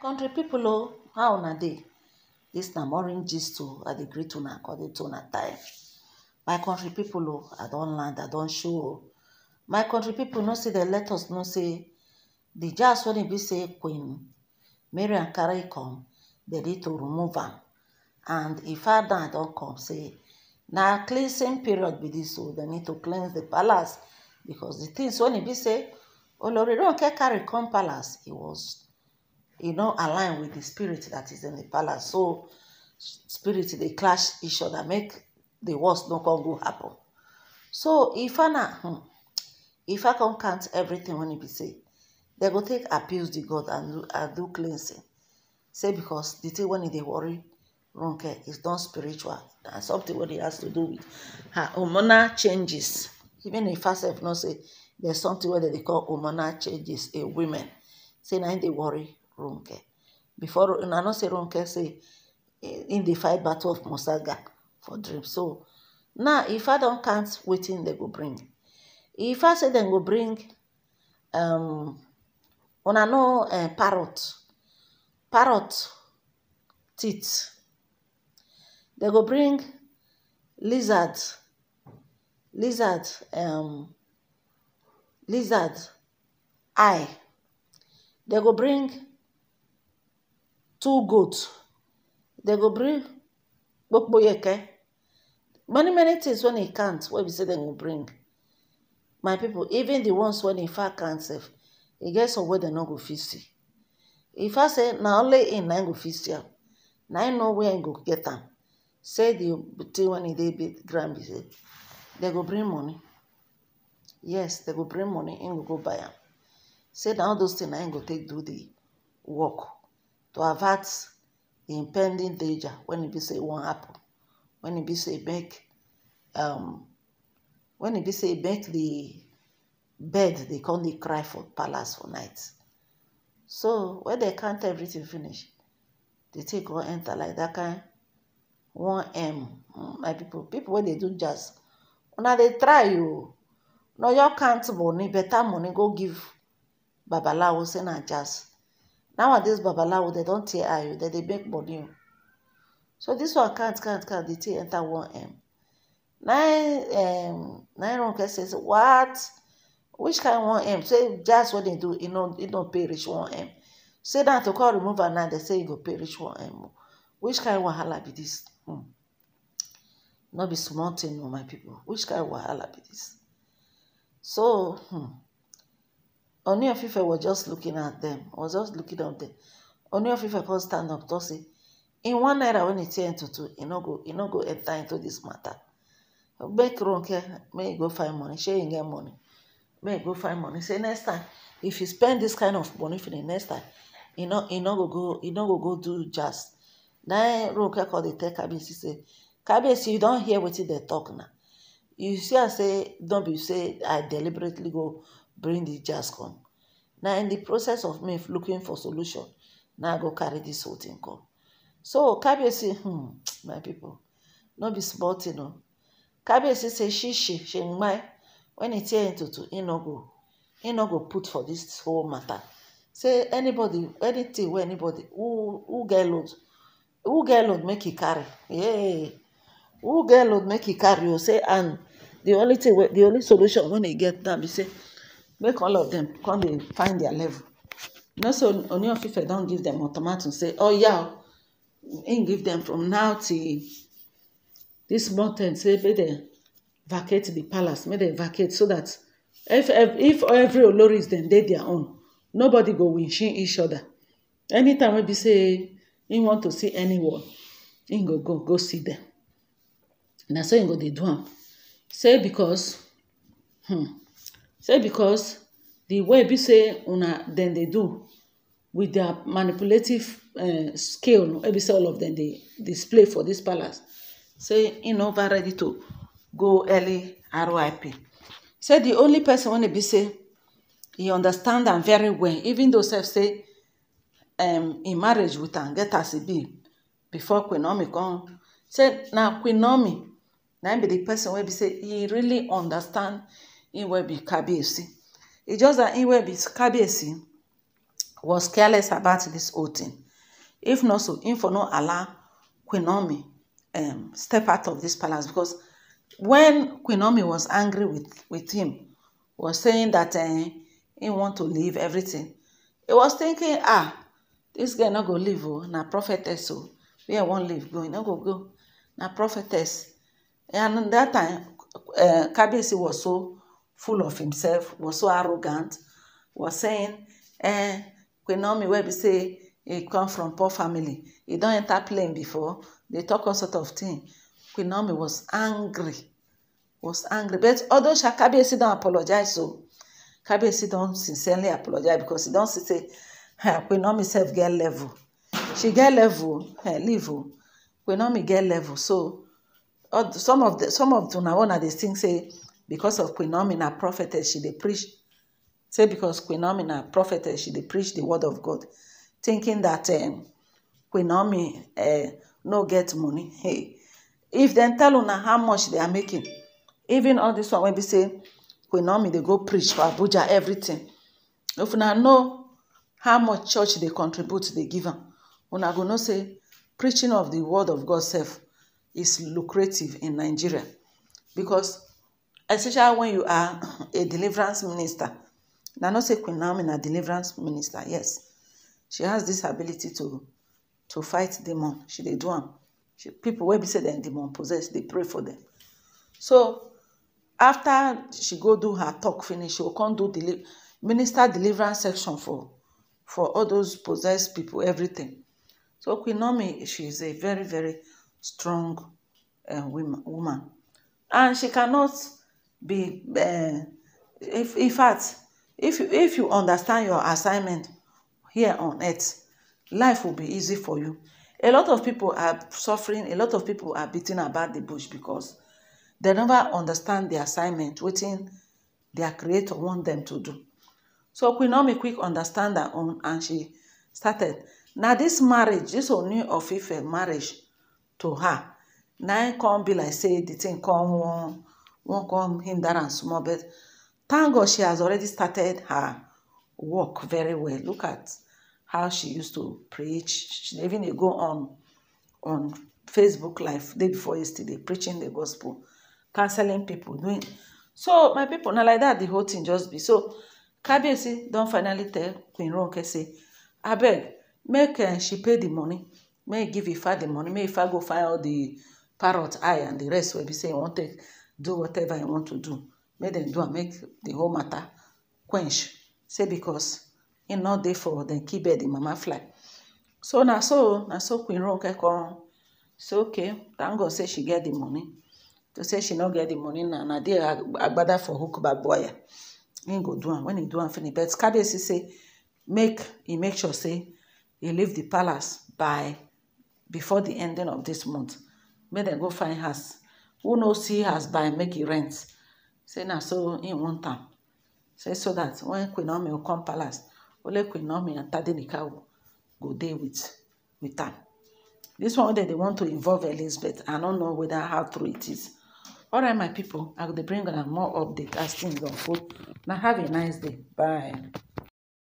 country people o oh, how una dey this na morning gist o oh, i dey greet una according to una time my country people o oh, i don land i don show o my country people know say dem let us know say the jazz wey be say queen mariam carry come dem need to remove am and ifa e dan don come say na cleansing period be this o dem need to cleanse the palace because the things wey be say olori ronke carry come palace e was You know, align with the spirit that is in the palace so spirit dey clash each other make the worst no come go happen so ifa na hmm, ifa come count everything when e be say dem go take appeal the god and do and do cleansing say because the thing when e dey worry Ronke is not spiritual na something wey dey has to do with her hormonal changes even ifa sef know say there's something wey dem dey call hormonal changes in women say na im dey worry Ronke. Before, and I know say Ronke say, eh, in the fight battle of Musaga for dream. So now, if I don't count waiting, they go bring. If I say they go bring, um, when I uh, parrot, parrot teeth, they go bring lizard, lizard, um, lizard eye. They go bring two goats. They go bring kpokoyeke many many things wey he count wey be say dem go bring my people even the ones wey he far count sef e get some wey dem no go fit see e far say na only im na im go fit see am na im know where im go get am say the thing wey e dey ground be say they go bring money yes they go bring money im go go buy am say na all those things na im go take do the work to avert impending danger when it e be say e wan happen when it e be say make um when it e be say make the bird dey come dey cry for palace for night so when they count everything finish the thing go enter like that kind one m hmm, my people people wey dey do jazz una dey try o no just count money better money go give babalawo say na jazz nowadays babalawo dem don tear eye dem dey make money o oh. so this one count count count the thing enter one m um, nine um nine ronke say what which kind one m um? say just what dem do e no e no pay reach one m um. say na to come remove am now dem say e go pay reach one m oh. which kind wahala be this? hmm. no be small thing o oh, my people which kind wahala be this? so hmm. oniofefe was just looking at dem was just looking at dem oniofefe come stand up to say in one naira when e tear in two e no go e no go enter into dis matter make ro nke make e go find money shey e get money make e go find money say next time if you spend dis kind of money for next time e no e no go go e no go go do jazz then ro o nke call dey tell kabinsi say kabinsi you don hear wetin dem talk na you see how say don be say i deliberately go. bring the jazz come Now, in the process of me looking for solution now i go carry this whole thing come so kabiyesi hmm my people no be small thing o kabiyesi say she she she kpai when e tear ntutu e no go he no go put for this whole matter say anybody anything anybody who who get load who get load make he carry yeah who get load make he carry You say and the only thing the only solution when he get that, be say make all of them, come dey find their level you know say Ooni of don give them ultimatum say oh yeah, oh, im give them from now till this month end say make dem vacate the palace make dem vacate so that if if, if every is dem dey their own nobody go winshin each other anytime wey be say im want to see anyone im go go go see them. na so im go dey do am say because hmm, say because the way be say una dem dey do with their manipulative uh, eh, skill wey be say all of them dey display for this palace say e no over ready to go early RIP. Say the only person when e be say he understand am very well even though sef say um, im marriage with am get as e be before Queen come say na Queen Naomi na im be the person wey be say he really understand Iwebi Kabiyesi. It's just that Iwebi Kabiyesi was careless about this whole thing. If not so, him for no allow Queen um, step out of this palace because when Queen was angry with, with him, was saying that uh, he want to leave everything, he was thinking, ah, this guy not go leave oh, na prophetess oh, we won't leave go, he no go go, na prophetess. And that time, uh, Kabiyesi was so full of himself, was so arrogant, was saying, eh, Queen Naomi be say he come from poor family. He don enter plane before. They talk all sort of thing. Queen was angry, was angry. But although Kabiyesi don apologize, so Kabiyesi don sincerely apologize because he don see say her Queen Naomi self get level. She get level, her eh, level. Queen get level. So some of the some of una one dey think say because of Quinomina prophetess, she dey preach. Say because Quinomina prophetess, she dey preach the word of God, thinking that um, uh, no get money. Hey, if then tell una how much they are making, even all this one will be say Queen They go preach for Abuja, everything. If una know how much church they contribute, they give am, una go no say preaching of the word of God sef is lucrative in Nigeria because especially when you are a deliverance minister na no say queen naomi a deliverance minister yes she has this ability to to fight demon she dey do am she people wey be said dem demon possess They pray for them. so after she go do her talk finish she will come do deli minister deliverance section for for all those possessed people everything so queen naomi she is a very very strong uh, woman and she cannot be uh, if in fact if you if you understand your assignment here on earth life will be easy for you a lot of people are suffering a lot of people are beating about the bush because they never understand the assignment wetin their creator want them to do so queen naomi quick understand her own and she started Now this marriage this Ooni of Ife marriage to her Now come be like say the thing come one. Won't come him that and small but thank god she has already started her work very well look at how she used to preach she even go on on facebook live day before yesterday preaching the gospel counseling people doing so my people na like that the whole thing just be so kabiyesi don finally tell queen ronke say abeg make uh, she pay the money make give ifa the money make ifa go find all the parrot eye and the rest wey be say e wan take do whatever I want to do. Make them do and make the whole matter quench. Say because in not dey for them keep bed the mama fly. So na so na so Queen Ronke come say okay, thank God say she get the money. To say she no get the money na na there agbada for hook back boy. He go do am when he do am finish. But Kabiyesi say make he make sure say he leave the palace by before the ending of this month. Make dem go find house who no see as buy make e rent say na so im e want am say so that when queen naomi come palace only queen naomi and tadenikawo go dey with with am This one wey dem dey want to involve elizabeth i no know whether how true it is all right my people. i go dey bring una more update as things unfold na have a nice day bye